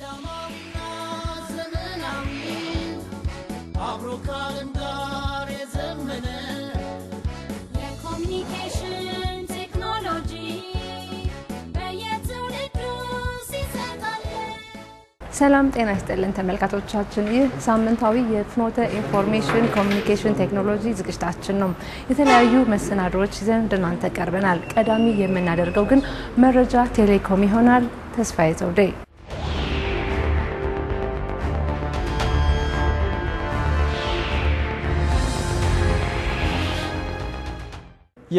ቀዳማዊና ሰላም ጤና ይስጥልን ተመልካቾቻችን፣ ይህ ሳምንታዊ የፍኖተ ኢንፎርሜሽን ኮሚኒኬሽን ቴክኖሎጂ ዝግጅታችን ነው። የተለያዩ መሰናዶዎች ይዘን ወደ እናንተ ቀርበናል። ቀዳሚ የምናደርገው ግን መረጃ ቴሌኮም ይሆናል። ተስፋዬ ዘውዴ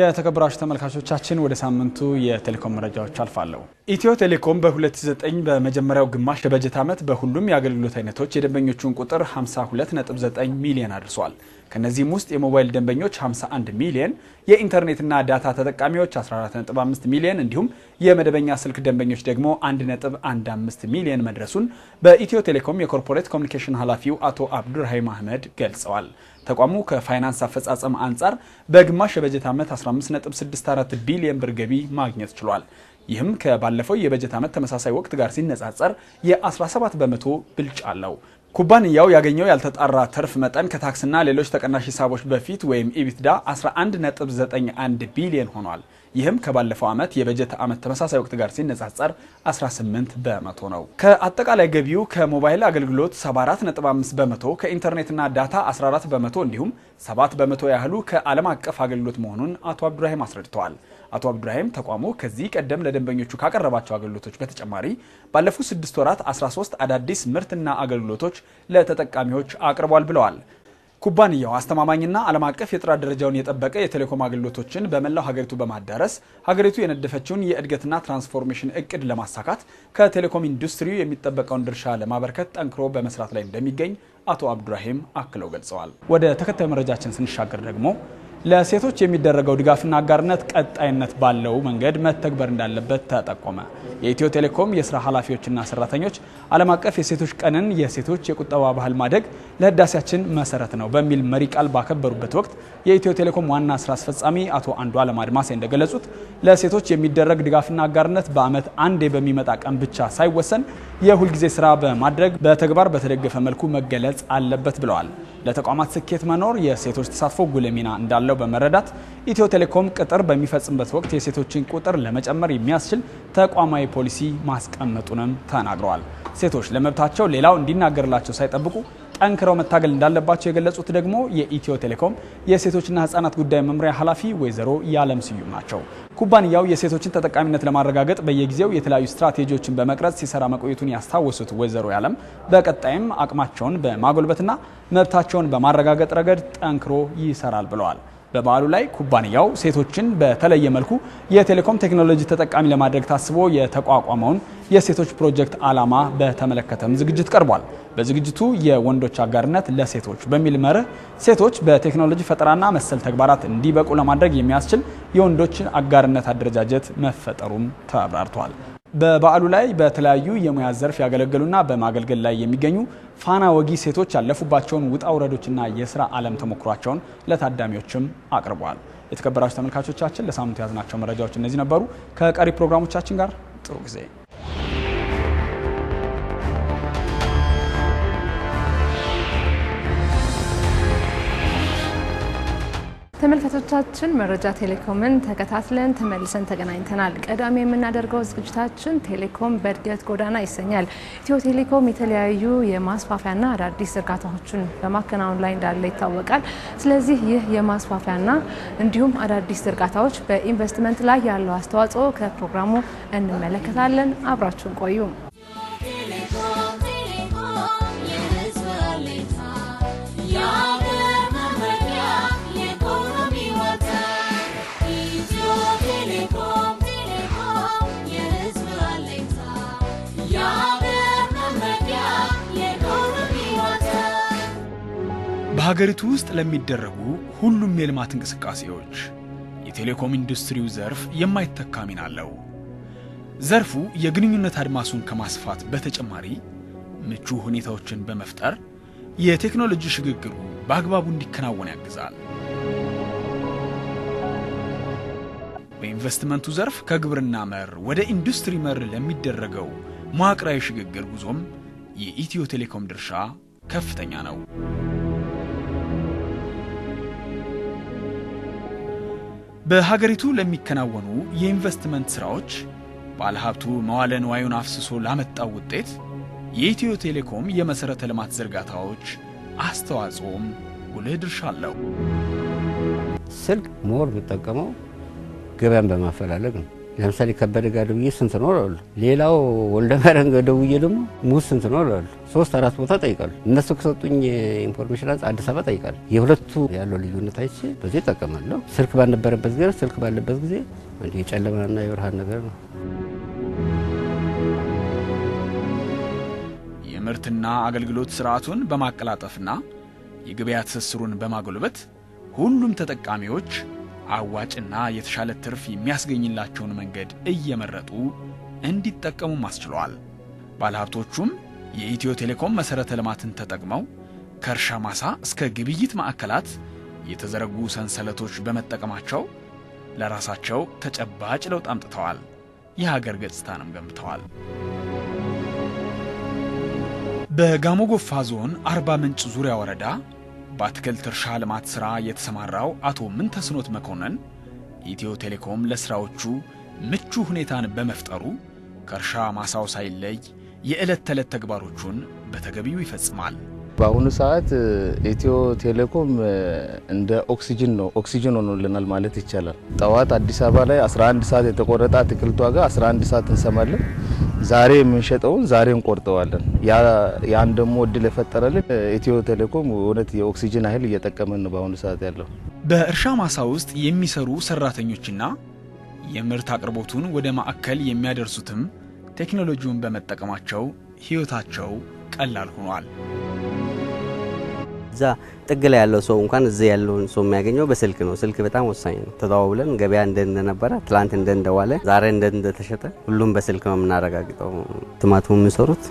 የተከበራችሁ ተመልካቾቻችን ወደ ሳምንቱ የቴሌኮም መረጃዎች አልፋለሁ። ኢትዮ ቴሌኮም በ2009 በመጀመሪያው ግማሽ የበጀት ዓመት በሁሉም የአገልግሎት አይነቶች የደንበኞቹን ቁጥር 52.9 ሚሊዮን አድርሷል። ከነዚህም ውስጥ የሞባይል ደንበኞች 51 ሚሊዮን፣ የኢንተርኔትና ዳታ ተጠቃሚዎች 14.5 ሚሊዮን እንዲሁም የመደበኛ ስልክ ደንበኞች ደግሞ 1.15 ሚሊዮን መድረሱን በኢትዮ ቴሌኮም የኮርፖሬት ኮሚኒኬሽን ኃላፊው አቶ አብዱራሂም አህመድ ገልጸዋል። ተቋሙ ከፋይናንስ አፈጻጸም አንጻር በግማሽ የበጀት ዓመት 15.64 ቢሊዮን ብር ገቢ ማግኘት ችሏል። ይህም ከባለፈው የበጀት ዓመት ተመሳሳይ ወቅት ጋር ሲነጻጸር የ17 በመቶ ብልጫ አለው። ኩባንያው ያገኘው ያልተጣራ ትርፍ መጠን ከታክስና ሌሎች ተቀናሽ ሂሳቦች በፊት ወይም ኢቢትዳ 11.91 ቢሊዮን ሆኗል። ይህም ከባለፈው ዓመት የበጀት ዓመት ተመሳሳይ ወቅት ጋር ሲነጻጸር 18 በመቶ ነው። ከአጠቃላይ ገቢው ከሞባይል አገልግሎት 74.5 በመቶ፣ ከኢንተርኔትና ዳታ 14 በመቶ እንዲሁም 7 በመቶ ያህሉ ከዓለም አቀፍ አገልግሎት መሆኑን አቶ አብዱራሂም አስረድተዋል። አቶ አብዱራሂም ተቋሙ ከዚህ ቀደም ለደንበኞቹ ካቀረባቸው አገልግሎቶች በተጨማሪ ባለፉት ስድስት ወራት 13 አዳዲስ ምርትና አገልግሎቶች ለተጠቃሚዎች አቅርቧል ብለዋል። ኩባንያው አስተማማኝና ዓለም አቀፍ የጥራት ደረጃውን የጠበቀ የቴሌኮም አገልግሎቶችን በመላው ሀገሪቱ በማዳረስ ሀገሪቱ የነደፈችውን የእድገትና ትራንስፎርሜሽን እቅድ ለማሳካት ከቴሌኮም ኢንዱስትሪው የሚጠበቀውን ድርሻ ለማበርከት ጠንክሮ በመስራት ላይ እንደሚገኝ አቶ አብዱራሂም አክለው ገልጸዋል። ወደ ተከታዩ መረጃችን ስንሻገር ደግሞ ለሴቶች የሚደረገው ድጋፍና አጋርነት ቀጣይነት ባለው መንገድ መተግበር እንዳለበት ተጠቆመ። የኢትዮ ቴሌኮም የስራ ኃላፊዎችና ሰራተኞች ዓለም አቀፍ የሴቶች ቀንን የሴቶች የቁጠባ ባህል ማደግ ለህዳሴያችን መሰረት ነው በሚል መሪ ቃል ባከበሩበት ወቅት የኢትዮ ቴሌኮም ዋና ስራ አስፈጻሚ አቶ አንዱዓለም አድማሴ እንደገለጹት ለሴቶች የሚደረግ ድጋፍና አጋርነት በዓመት አንዴ በሚመጣ ቀን ብቻ ሳይወሰን የሁልጊዜ ስራ በማድረግ በተግባር በተደገፈ መልኩ መገለጽ አለበት ብለዋል። ለተቋማት ስኬት መኖር የሴቶች ተሳትፎ ጉልህ ሚና እንዳለው በመረዳት ኢትዮ ቴሌኮም ቅጥር በሚፈጽምበት ወቅት የሴቶችን ቁጥር ለመጨመር የሚያስችል ተቋማዊ ፖሊሲ ማስቀመጡንም ተናግረዋል። ሴቶች ለመብታቸው ሌላው እንዲናገርላቸው ሳይጠብቁ ጠንክረው መታገል እንዳለባቸው የገለጹት ደግሞ የኢትዮ ቴሌኮም የሴቶችና ህጻናት ጉዳይ መምሪያ ኃላፊ ወይዘሮ የዓለም ስዩም ናቸው። ኩባንያው የሴቶችን ተጠቃሚነት ለማረጋገጥ በየጊዜው የተለያዩ ስትራቴጂዎችን በመቅረጽ ሲሰራ መቆየቱን ያስታወሱት ወይዘሮ ያለም በቀጣይም አቅማቸውን በማጎልበትና መብታቸውን በማረጋገጥ ረገድ ጠንክሮ ይሰራል ብለዋል። በበዓሉ ላይ ኩባንያው ሴቶችን በተለየ መልኩ የቴሌኮም ቴክኖሎጂ ተጠቃሚ ለማድረግ ታስቦ የተቋቋመውን የሴቶች ፕሮጀክት ዓላማ በተመለከተም ዝግጅት ቀርቧል። በዝግጅቱ የወንዶች አጋርነት ለሴቶች በሚል መርህ ሴቶች በቴክኖሎጂ ፈጠራና መሰል ተግባራት እንዲበቁ ለማድረግ የሚያስችል የወንዶችን አጋርነት አደረጃጀት መፈጠሩም ተብራርቷል። በበዓሉ ላይ በተለያዩ የሙያ ዘርፍ ያገለገሉና በማገልገል ላይ የሚገኙ ፋና ወጊ ሴቶች ያለፉባቸውን ውጣ ውረዶችና የስራ ዓለም ተሞክሯቸውን ለታዳሚዎችም አቅርበዋል። የተከበራችሁ ተመልካቾቻችን ለሳምንቱ የያዝናቸው መረጃዎች እነዚህ ነበሩ። ከቀሪ ፕሮግራሞቻችን ጋር ጥሩ ጊዜ ተመልካቾቻችን መረጃ ቴሌኮምን ተከታትለን ተመልሰን ተገናኝተናል። ቀዳሚ የምናደርገው ዝግጅታችን ቴሌኮም በእድገት ጎዳና ይሰኛል። ኢትዮ ቴሌኮም የተለያዩ የማስፋፊያና አዳዲስ ዝርጋታዎችን በማከናወን ላይ እንዳለ ይታወቃል። ስለዚህ ይህ የማስፋፊያና እንዲሁም አዳዲስ ዝርጋታዎች በኢንቨስትመንት ላይ ያለው አስተዋጽኦ ከፕሮግራሙ እንመለከታለን። አብራችሁን ቆዩ። በሀገሪቱ ውስጥ ለሚደረጉ ሁሉም የልማት እንቅስቃሴዎች የቴሌኮም ኢንዱስትሪው ዘርፍ የማይተካ ሚና አለው። ዘርፉ የግንኙነት አድማሱን ከማስፋት በተጨማሪ ምቹ ሁኔታዎችን በመፍጠር የቴክኖሎጂ ሽግግሩ በአግባቡ እንዲከናወን ያግዛል። በኢንቨስትመንቱ ዘርፍ ከግብርና መር ወደ ኢንዱስትሪ መር ለሚደረገው መዋቅራዊ ሽግግር ጉዞም የኢትዮ ቴሌኮም ድርሻ ከፍተኛ ነው። በሀገሪቱ ለሚከናወኑ የኢንቨስትመንት ስራዎች ባለሀብቱ መዋለ ንዋዩን አፍስሶ ላመጣው ውጤት የኢትዮ ቴሌኮም የመሠረተ ልማት ዝርጋታዎች አስተዋጽኦም ጉልህ ድርሻ አለው። ስልክ ሞር የምጠቀመው ገበያን በማፈላለግ ነው። ለምሳሌ ከበደ ጋር ደውዬ ስንት ኖር አሉ። ሌላው ወልደ ማርያም ጋር ደውዬ ደግሞ ሙዝ ስንት ኖር አሉ። ሶስት አራት ቦታ ጠይቃሉ። እነሱ ከሰጡኝ ኢንፎርሜሽን አንጻር አዲስ አበባ ጠይቃሉ። የሁለቱ ያለው ልዩነት አይቼ በዚህ እጠቀማለሁ። ስልክ ባልነበረበት ጊዜ፣ ስልክ ባለበት ጊዜ የጨለማና የብርሃን ነገር ነው። የምርትና አገልግሎት ስርዓቱን በማቀላጠፍና የገበያ ትስስሩን በማጎልበት ሁሉም ተጠቃሚዎች አዋጭና የተሻለ ትርፍ የሚያስገኝላቸውን መንገድ እየመረጡ እንዲጠቀሙም አስችለዋል። ባለሀብቶቹም የኢትዮ ቴሌኮም መሠረተ ልማትን ተጠቅመው ከእርሻ ማሳ እስከ ግብይት ማዕከላት የተዘረጉ ሰንሰለቶች በመጠቀማቸው ለራሳቸው ተጨባጭ ለውጥ አምጥተዋል። የሀገር ገጽታንም ገንብተዋል። በጋሞ ጎፋ ዞን አርባ ምንጭ ዙሪያ ወረዳ በአትክልት እርሻ ልማት ሥራ የተሰማራው አቶ ምንተስኖት መኮንን ኢትዮ ቴሌኮም ለሥራዎቹ ምቹ ሁኔታን በመፍጠሩ ከእርሻ ማሳው ሳይለይ የዕለት ተዕለት ተግባሮቹን በተገቢው ይፈጽማል። በአሁኑ ሰዓት ኢትዮ ቴሌኮም እንደ ኦክሲጅን ነው፣ ኦክሲጅን ሆኖልናል ማለት ይቻላል። ጠዋት አዲስ አበባ ላይ 11 ሰዓት የተቆረጠ አትክልት ዋጋ 11 ሰዓት እንሰማለን። ዛሬ የምንሸጠውን ዛሬ እንቆርጠዋለን። ያን ደግሞ እድል የፈጠረልን ኢትዮ ቴሌኮም እውነት የኦክሲጅን ኃይል እየጠቀመን ነው በአሁኑ ሰዓት ያለው። በእርሻ ማሳ ውስጥ የሚሰሩ ሰራተኞችና የምርት አቅርቦቱን ወደ ማዕከል የሚያደርሱትም ቴክኖሎጂውን በመጠቀማቸው ሕይወታቸው ቀላል ሆኗል። እዛ ጥግ ላይ ያለው ሰው እንኳን እዚህ ያለውን ሰው የሚያገኘው በስልክ ነው። ስልክ በጣም ወሳኝ ነው። ተደዋውለን ገበያ እንደ እንደነበረ ትላንት እንደ እንደዋለ ዛሬ እንደ እንደተሸጠ ሁሉም በስልክ ነው የምናረጋግጠው። ቲማቲሙን የሚሰሩት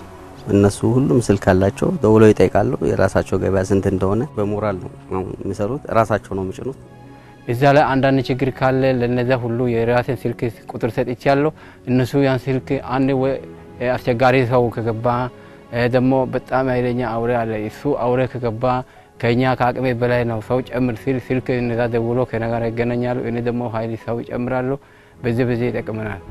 እነሱ ሁሉም ስልክ አላቸው። ደውሎ ይጠይቃሉ። የራሳቸው ገበያ ስንት እንደሆነ በሞራል ነው የሚሰሩት። ራሳቸው ነው የሚጭኑት። እዛ ላይ አንዳንድ ችግር ካለ ለነዚያ ሁሉ የራሴን ስልክ ቁጥር ያለው እነሱ ያን ስልክ አንድ አስቸጋሪ ሰው ከገባ ደግሞ በጣም ኃይለኛ አውሬ አለ። እሱ አውሬ ከገባ ከኛ ከአቅሜ በላይ ነው። ሰው ጨምር ሲል ስልክ እነዛ ደውሎ ከእኔ ጋር ይገናኛሉ። እኔ ደግሞ ኃይል ሰው ይጨምራሉ በዚህ በዚህ ይጠቅመናል።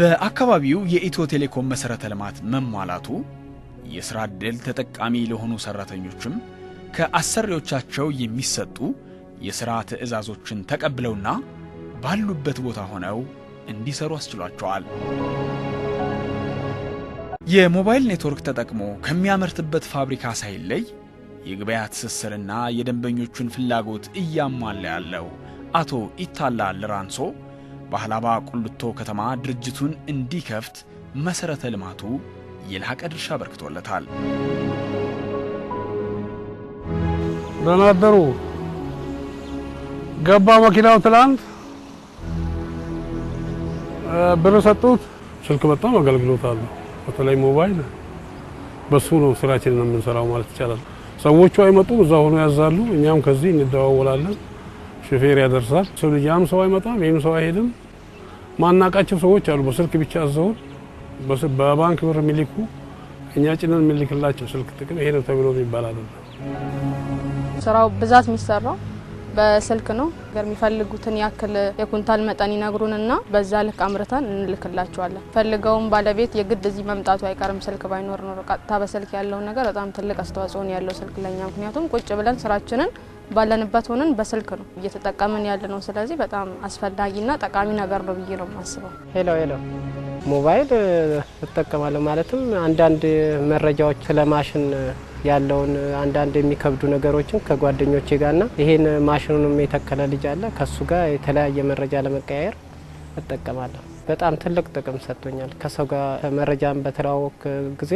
በአካባቢው የኢትዮ ቴሌኮም መሠረተ ልማት መሟላቱ የሥራ ዕድል ተጠቃሚ ለሆኑ ሠራተኞችም ከአሰሪዎቻቸው የሚሰጡ የሥራ ትዕዛዞችን ተቀብለውና ባሉበት ቦታ ሆነው እንዲሰሩ አስችሏቸዋል። የሞባይል ኔትወርክ ተጠቅሞ ከሚያመርትበት ፋብሪካ ሳይለይ የገበያ ትስስርና የደንበኞቹን ፍላጎት እያሟላ ያለው አቶ ኢታላ ልራንሶ በሀላባ ቁልቶ ከተማ ድርጅቱን እንዲከፍት መሰረተ ልማቱ የላቀ ድርሻ አበርክቶለታል። ደናደሩ ገባ መኪናው ትላንት ብር ሰጡት። ስልክ በጣም አገልግሎት አለው። በተለይ ሞባይል በሱ ነው ስራችንን የምንሰራው ማለት ይቻላል። ሰዎቹ አይመጡም፣ እዛ ሆኖ ያዛሉ። እኛም ከዚህ እንደዋወላለን፣ ሹፌር ያደርሳል። ሰው ልጅ ያም ሰው አይመጣም፣ ይህም ሰው አይሄድም። ማናቃቸው ሰዎች አሉ፣ በስልክ ብቻ አዘውን በባንክ ብር የሚልኩ እኛ ጭነን የምንልክላቸው ስልክ ጥቅም ይሄ ነው ተብሎ ይባላል። ስራው ብዛት የሚሰራው በስልክ ነው የሚፈልጉትን ያክል የኩንታል መጠን ይነግሩንና በዛ ልክ አምርተን እንልክላቸዋለን። ፈልገውም ባለቤት የግድ እዚህ መምጣቱ አይቀርም። ስልክ ባይኖር ኖሮ ቀጥታ በስልክ ያለውን ነገር በጣም ትልቅ አስተዋጽኦን ያለው ስልክ ለኛ፣ ምክንያቱም ቁጭ ብለን ስራችንን ባለንበት ሆነን በስልክ ነው እየተጠቀምን ያለ ነው። ስለዚህ በጣም አስፈላጊና ጠቃሚ ነገር ነው ብዬ ነው የማስበው። ሄሎ ሄሎ ሞባይል እጠቀማለሁ ማለትም አንዳንድ መረጃዎች ስለማሽን ያለውን አንዳንድ የሚከብዱ ነገሮችን ከጓደኞቼ ጋርና ይሄን ማሽኑንም የተከለ ልጅ አለ ከሱ ጋር የተለያየ መረጃ ለመቀያየር እጠቀማለሁ። በጣም ትልቅ ጥቅም ሰጥቶኛል። ከሰው ጋር መረጃን በተለዋወቅ ጊዜ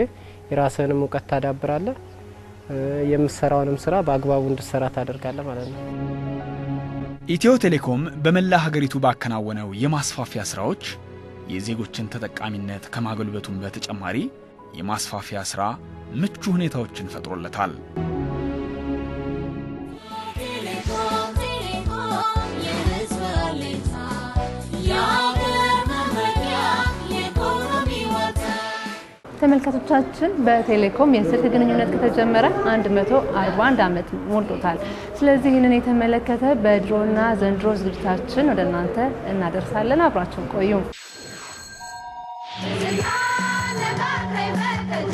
የራስህንም እውቀት ታዳብራለህ። የምሰራውንም ስራ በአግባቡ እንድሰራ ታደርጋለ ማለት ነው። ኢትዮ ቴሌኮም በመላ ሀገሪቱ ባከናወነው የማስፋፊያ ስራዎች የዜጎችን ተጠቃሚነት ከማጎልበቱም በተጨማሪ የማስፋፊያ ሥራ ምቹ ሁኔታዎችን ፈጥሮለታል። ተመልካቾቻችን በቴሌኮም የስልክ ግንኙነት ከተጀመረ 141 ዓመት ሞልቶታል። ስለዚህ ይህንን የተመለከተ በድሮና ዘንድሮ ዝግጅታችን ወደ እናንተ እናደርሳለን። አብራችሁ ቆዩ።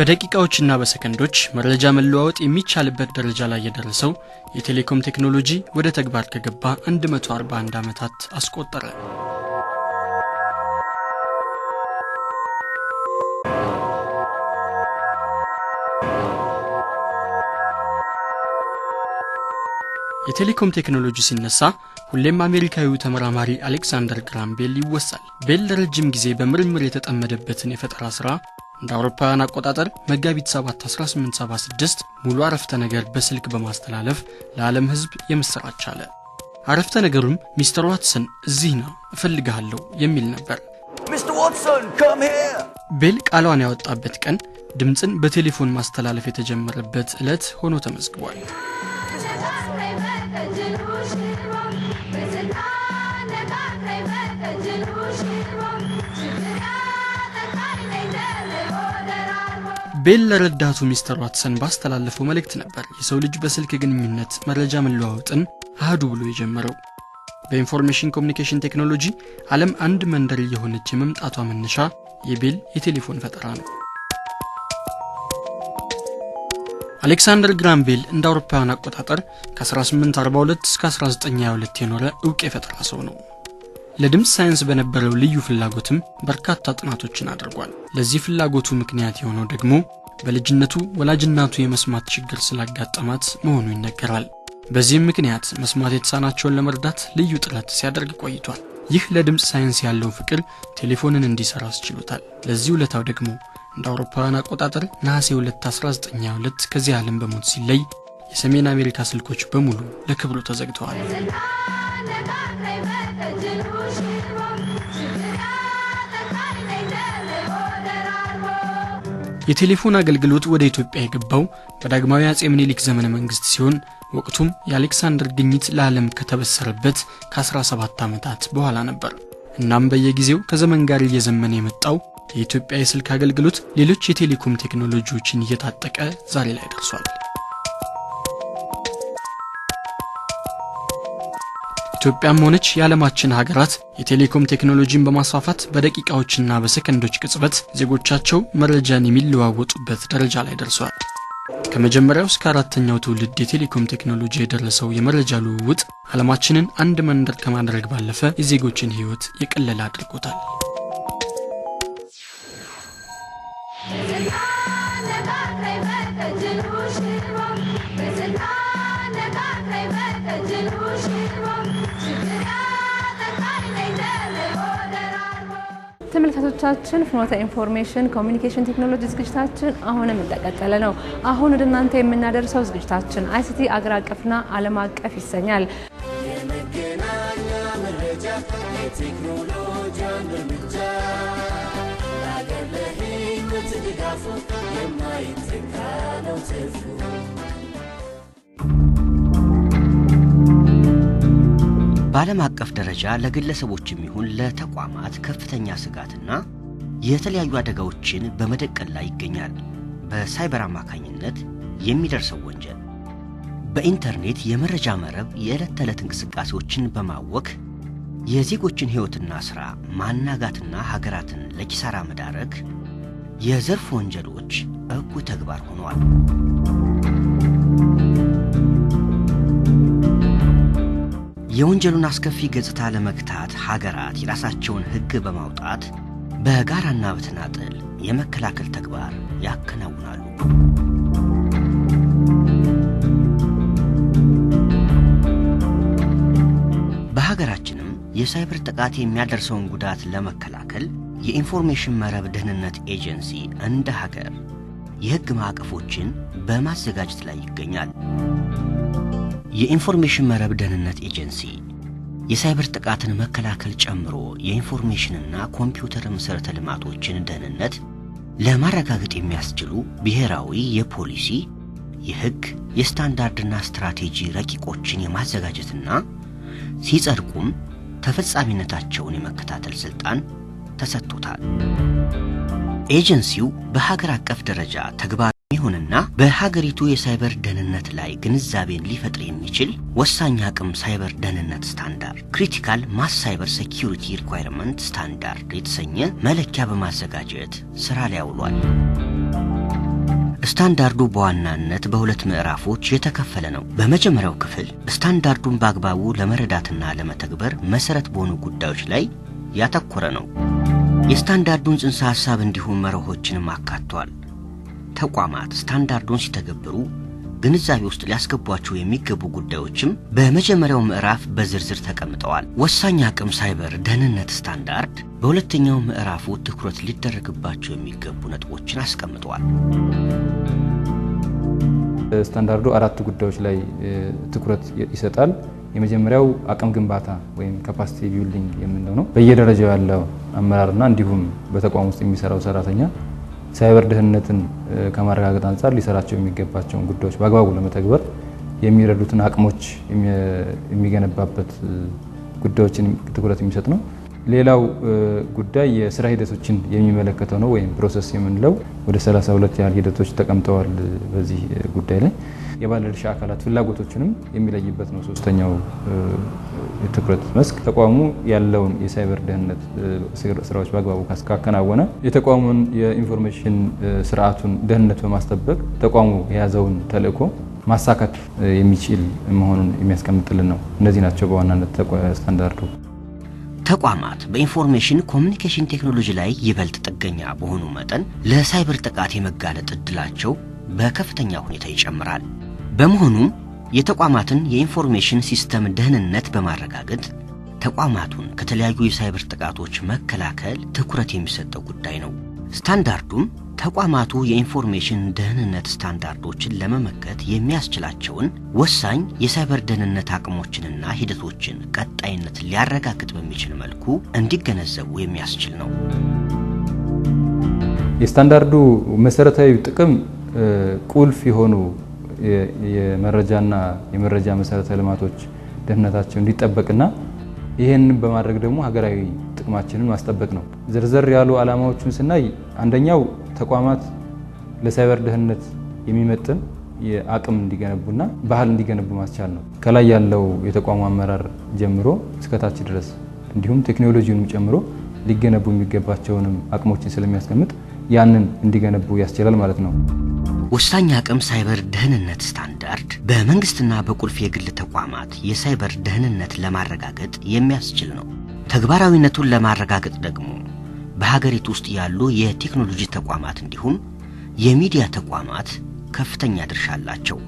በደቂቃዎችና በሰከንዶች መረጃ መለዋወጥ የሚቻልበት ደረጃ ላይ የደረሰው የቴሌኮም ቴክኖሎጂ ወደ ተግባር ከገባ 141 ዓመታት አስቆጠረ። የቴሌኮም ቴክኖሎጂ ሲነሳ ሁሌም አሜሪካዊው ተመራማሪ አሌክሳንደር ግራም ቤል ይወሳል። ቤል ለረጅም ጊዜ በምርምር የተጠመደበትን የፈጠራ ሥራ እንደ አውሮፓውያን አቆጣጠር መጋቢት 7 1876 ሙሉ አረፍተ ነገር በስልክ በማስተላለፍ ለዓለም ሕዝብ የምሥራች አለ። አረፍተ ነገሩም ሚስተር ዋትሰን እዚህ ነው እፈልግሃለሁ የሚል ነበር። ቤል ቃሏን ያወጣበት ቀን ድምፅን በቴሌፎን ማስተላለፍ የተጀመረበት ዕለት ሆኖ ተመዝግቧል። ቤል ለረዳቱ ሚስተር ዋትሰን ባስተላለፈው መልእክት ነበር የሰው ልጅ በስልክ ግንኙነት መረጃ መለዋወጥን አህዱ ብሎ የጀመረው። በኢንፎርሜሽን ኮሚኒኬሽን ቴክኖሎጂ ዓለም አንድ መንደር እየሆነች የመምጣቷ መነሻ የቤል የቴሌፎን ፈጠራ ነው። አሌክሳንደር ግራም ቤል እንደ አውሮፓውያን አቆጣጠር ከ1842 እስከ 1922 የኖረ እውቅ የፈጠራ ሰው ነው። ለድምፅ ሳይንስ በነበረው ልዩ ፍላጎትም በርካታ ጥናቶችን አድርጓል። ለዚህ ፍላጎቱ ምክንያት የሆነው ደግሞ በልጅነቱ ወላጅናቱ የመስማት ችግር ስላጋጠማት መሆኑ ይነገራል። በዚህም ምክንያት መስማት የተሳናቸውን ለመርዳት ልዩ ጥረት ሲያደርግ ቆይቷል። ይህ ለድምፅ ሳይንስ ያለው ፍቅር ቴሌፎንን እንዲሰራ አስችሎታል። ለዚህ ውለታው ደግሞ እንደ አውሮፓውያን አቆጣጠር ነሐሴ 2 1922 ከዚህ ዓለም በሞት ሲለይ የሰሜን አሜሪካ ስልኮች በሙሉ ለክብሩ ተዘግተዋል። የቴሌፎን አገልግሎት ወደ ኢትዮጵያ የገባው በዳግማዊ አጼ ምኒልክ ዘመነ መንግስት ሲሆን ወቅቱም የአሌክሳንደር ግኝት ለዓለም ከተበሰረበት ከ17 ዓመታት በኋላ ነበር። እናም በየጊዜው ከዘመን ጋር እየዘመነ የመጣው የኢትዮጵያ የስልክ አገልግሎት ሌሎች የቴሌኮም ቴክኖሎጂዎችን እየታጠቀ ዛሬ ላይ ደርሷል። ኢትዮጵያም ሆነች የዓለማችን ሀገራት የቴሌኮም ቴክኖሎጂን በማስፋፋት በደቂቃዎችና በሰከንዶች ቅጽበት ዜጎቻቸው መረጃን የሚለዋወጡበት ደረጃ ላይ ደርሷል። ከመጀመሪያው እስከ አራተኛው ትውልድ የቴሌኮም ቴክኖሎጂ የደረሰው የመረጃ ልውውጥ ዓለማችንን አንድ መንደር ከማድረግ ባለፈ የዜጎችን ሕይወት የቀለለ አድርጎታል። ተመልካቾቻችን ፍኖተ ኢንፎርሜሽን ኮሚኒኬሽን ቴክኖሎጂ ዝግጅታችን አሁንም እንደቀጠለ ነው። አሁን ወደ እናንተ የምናደርሰው ዝግጅታችን አይሲቲ አገር አቀፍና ዓለም አቀፍ ይሰኛል። የመገናኛ መረጃ የቴክኖሎጂ እርምጃ ድጋፉ የማይተካ ነው ትርፉ በዓለም አቀፍ ደረጃ ለግለሰቦች የሚሆን ለተቋማት ከፍተኛ ስጋትና የተለያዩ አደጋዎችን በመደቀል ላይ ይገኛል። በሳይበር አማካኝነት የሚደርሰው ወንጀል በኢንተርኔት የመረጃ መረብ የዕለት ተዕለት እንቅስቃሴዎችን በማወክ የዜጎችን ሕይወትና ሥራ ማናጋትና ሀገራትን ለኪሳራ መዳረግ የዘርፍ ወንጀሎች እኩይ ተግባር ሆነዋል። የወንጀሉን አስከፊ ገጽታ ለመግታት ሀገራት የራሳቸውን ሕግ በማውጣት በጋራና በተናጠል የመከላከል ተግባር ያከናውናሉ። በሀገራችንም የሳይበር ጥቃት የሚያደርሰውን ጉዳት ለመከላከል የኢንፎርሜሽን መረብ ደህንነት ኤጀንሲ እንደ ሀገር የሕግ ማዕቀፎችን በማዘጋጀት ላይ ይገኛል። የኢንፎርሜሽን መረብ ደህንነት ኤጀንሲ የሳይበር ጥቃትን መከላከል ጨምሮ የኢንፎርሜሽንና ኮምፒውተር መሠረተ ልማቶችን ደህንነት ለማረጋገጥ የሚያስችሉ ብሔራዊ የፖሊሲ የሕግ የስታንዳርድና ስትራቴጂ ረቂቆችን የማዘጋጀትና ሲጸድቁም ተፈጻሚነታቸውን የመከታተል ሥልጣን ተሰጥቶታል። ኤጀንሲው በሀገር አቀፍ ደረጃ ተግባር ይሁንና በሀገሪቱ የሳይበር ደህንነት ላይ ግንዛቤን ሊፈጥር የሚችል ወሳኝ አቅም ሳይበር ደህንነት ስታንዳርድ ክሪቲካል ማስ ሳይበር ሴኪሪቲ ሪኳይርመንት ስታንዳርድ የተሰኘ መለኪያ በማዘጋጀት ስራ ላይ አውሏል። ስታንዳርዱ በዋናነት በሁለት ምዕራፎች የተከፈለ ነው። በመጀመሪያው ክፍል ስታንዳርዱን በአግባቡ ለመረዳትና ለመተግበር መሰረት በሆኑ ጉዳዮች ላይ ያተኮረ ነው። የስታንዳርዱን ጽንሰ ሐሳብ እንዲሁም መርሆችንም አካቷል። ተቋማት ስታንዳርዱን ሲተገብሩ ግንዛቤ ውስጥ ሊያስገቧቸው የሚገቡ ጉዳዮችም በመጀመሪያው ምዕራፍ በዝርዝር ተቀምጠዋል። ወሳኝ አቅም ሳይበር ደህንነት ስታንዳርድ በሁለተኛው ምዕራፉ ትኩረት ሊደረግባቸው የሚገቡ ነጥቦችን አስቀምጠዋል። ስታንዳርዱ አራት ጉዳዮች ላይ ትኩረት ይሰጣል። የመጀመሪያው አቅም ግንባታ ወይም ካፓሲቲ ቢልዲንግ የምንለው ነው። በየደረጃው ያለው አመራርና እንዲሁም በተቋም ውስጥ የሚሰራው ሰራተኛ ሳይበር ደህንነትን ከማረጋገጥ አንጻር ሊሰራቸው የሚገባቸውን ጉዳዮች በአግባቡ ለመተግበር የሚረዱትን አቅሞች የሚገነባበት ጉዳዮችን ትኩረት የሚሰጥ ነው። ሌላው ጉዳይ የስራ ሂደቶችን የሚመለከተው ነው ወይም ፕሮሰስ የምንለው ወደ 32 ያህል ሂደቶች ተቀምጠዋል። በዚህ ጉዳይ ላይ የባለድርሻ አካላት ፍላጎቶችንም የሚለይበት ነው። ሶስተኛው የትኩረት መስክ ተቋሙ ያለውን የሳይበር ደህንነት ስራዎች በአግባቡ ካከናወነ የተቋሙን የኢንፎርሜሽን ስርዓቱን ደህንነት በማስጠበቅ ተቋሙ የያዘውን ተልዕኮ ማሳካት የሚችል መሆኑን የሚያስቀምጥልን ነው። እነዚህ ናቸው በዋናነት ስታንዳርዱ። ተቋማት በኢንፎርሜሽን ኮሚኒኬሽን ቴክኖሎጂ ላይ ይበልጥ ጥገኛ በሆኑ መጠን ለሳይበር ጥቃት የመጋለጥ ዕድላቸው በከፍተኛ ሁኔታ ይጨምራል። በመሆኑም የተቋማትን የኢንፎርሜሽን ሲስተም ደህንነት በማረጋገጥ ተቋማቱን ከተለያዩ የሳይበር ጥቃቶች መከላከል ትኩረት የሚሰጠው ጉዳይ ነው። ስታንዳርዱም ተቋማቱ የኢንፎርሜሽን ደህንነት ስታንዳርዶችን ለመመከት የሚያስችላቸውን ወሳኝ የሳይበር ደህንነት አቅሞችንና ሂደቶችን ቀጣይነት ሊያረጋግጥ በሚችል መልኩ እንዲገነዘቡ የሚያስችል ነው። የስታንዳርዱ መሰረታዊ ጥቅም ቁልፍ የሆኑ የመረጃና የመረጃ መሰረተ ልማቶች ደህንነታቸው እንዲጠበቅና ይህንን በማድረግ ደግሞ ሀገራዊ ጥቅማችንን ማስጠበቅ ነው። ዝርዝር ያሉ ዓላማዎቹን ስናይ አንደኛው ተቋማት ለሳይበር ደህንነት የሚመጥን የአቅም እንዲገነቡና ባህል እንዲገነቡ ማስቻል ነው። ከላይ ያለው የተቋሙ አመራር ጀምሮ እስከታች ድረስ እንዲሁም ቴክኖሎጂውንም ጨምሮ ሊገነቡ የሚገባቸውንም አቅሞችን ስለሚያስቀምጥ ያንን እንዲገነቡ ያስችላል ማለት ነው። ወሳኝ አቅም ሳይበር ደህንነት ስታንዳርድ በመንግስትና በቁልፍ የግል ተቋማት የሳይበር ደህንነት ለማረጋገጥ የሚያስችል ነው። ተግባራዊነቱን ለማረጋገጥ ደግሞ በሀገሪቱ ውስጥ ያሉ የቴክኖሎጂ ተቋማት እንዲሁም የሚዲያ ተቋማት ከፍተኛ ድርሻ አላቸው።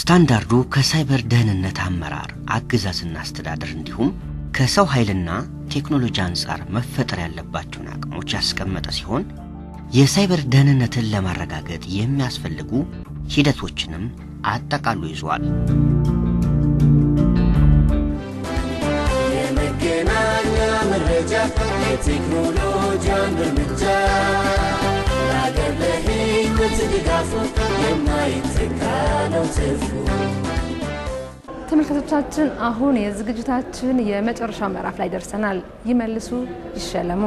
ስታንዳርዱ ከሳይበር ደህንነት አመራር፣ አገዛዝና አስተዳደር እንዲሁም ከሰው ኃይልና ቴክኖሎጂ አንጻር መፈጠር ያለባቸውን አቅሞች ያስቀመጠ ሲሆን የሳይበር ደህንነትን ለማረጋገጥ የሚያስፈልጉ ሂደቶችንም አጠቃሉ ይዟል። የመገናኛ መረጃ፣ የቴክኖሎጂ አንድ እርምጃ፣ ሀገር ለሕይወት ድጋፉ የማይተካ ነው ትርፉ። ተመልካቾቻችን አሁን የዝግጅታችን የመጨረሻው ምዕራፍ ላይ ደርሰናል። ይመልሱ ይሸለሙ።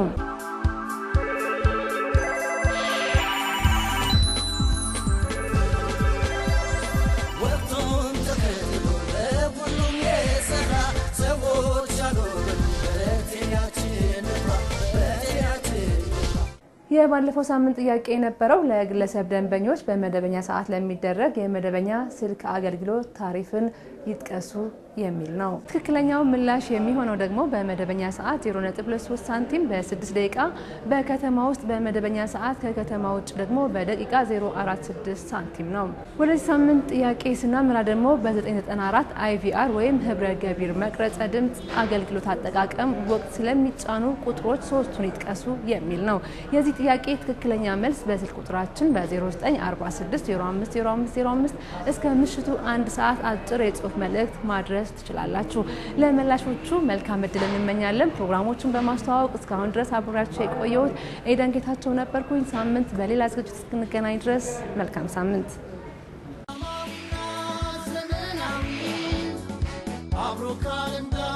የባለፈው ሳምንት ጥያቄ የነበረው ለግለሰብ ደንበኞች በመደበኛ ሰዓት ለሚደረግ የመደበኛ ስልክ አገልግሎት ታሪፍን ይጥቀሱ የሚል ነው። ትክክለኛው ምላሽ የሚሆነው ደግሞ በመደበኛ ሰዓት 0.3 ሳንቲም በ6 ደቂቃ በከተማ ውስጥ በመደበኛ ሰዓት ከከተማ ውጭ ደግሞ በደቂቃ 046 ሳንቲም ነው። ወደዚህ ሳምንት ጥያቄ ስናምራ ደግሞ በ994 አይቪአር ወይም ህብረ ገቢር መቅረጸ ድምፅ አገልግሎት አጠቃቀም ወቅት ስለሚጫኑ ቁጥሮች ሶስቱን ይጥቀሱ የሚል ነው። የዚህ ጥያቄ ትክክለኛ መልስ በስልክ ቁጥራችን በ0946050505 እስከ ምሽቱ አንድ ሰዓት አጭር የጽሁፍ መልእክት ማድረስ ትችላላችሁ። ለመላሾቹ መልካም እድል እንመኛለን። ፕሮግራሞቹን በማስተዋወቅ እስካሁን ድረስ አብሬያችሁ የቆየሁት ኤደን ጌታቸው ነበርኩኝ። ሳምንት በሌላ ዝግጅት እስክንገናኝ ድረስ መልካም ሳምንት። I'm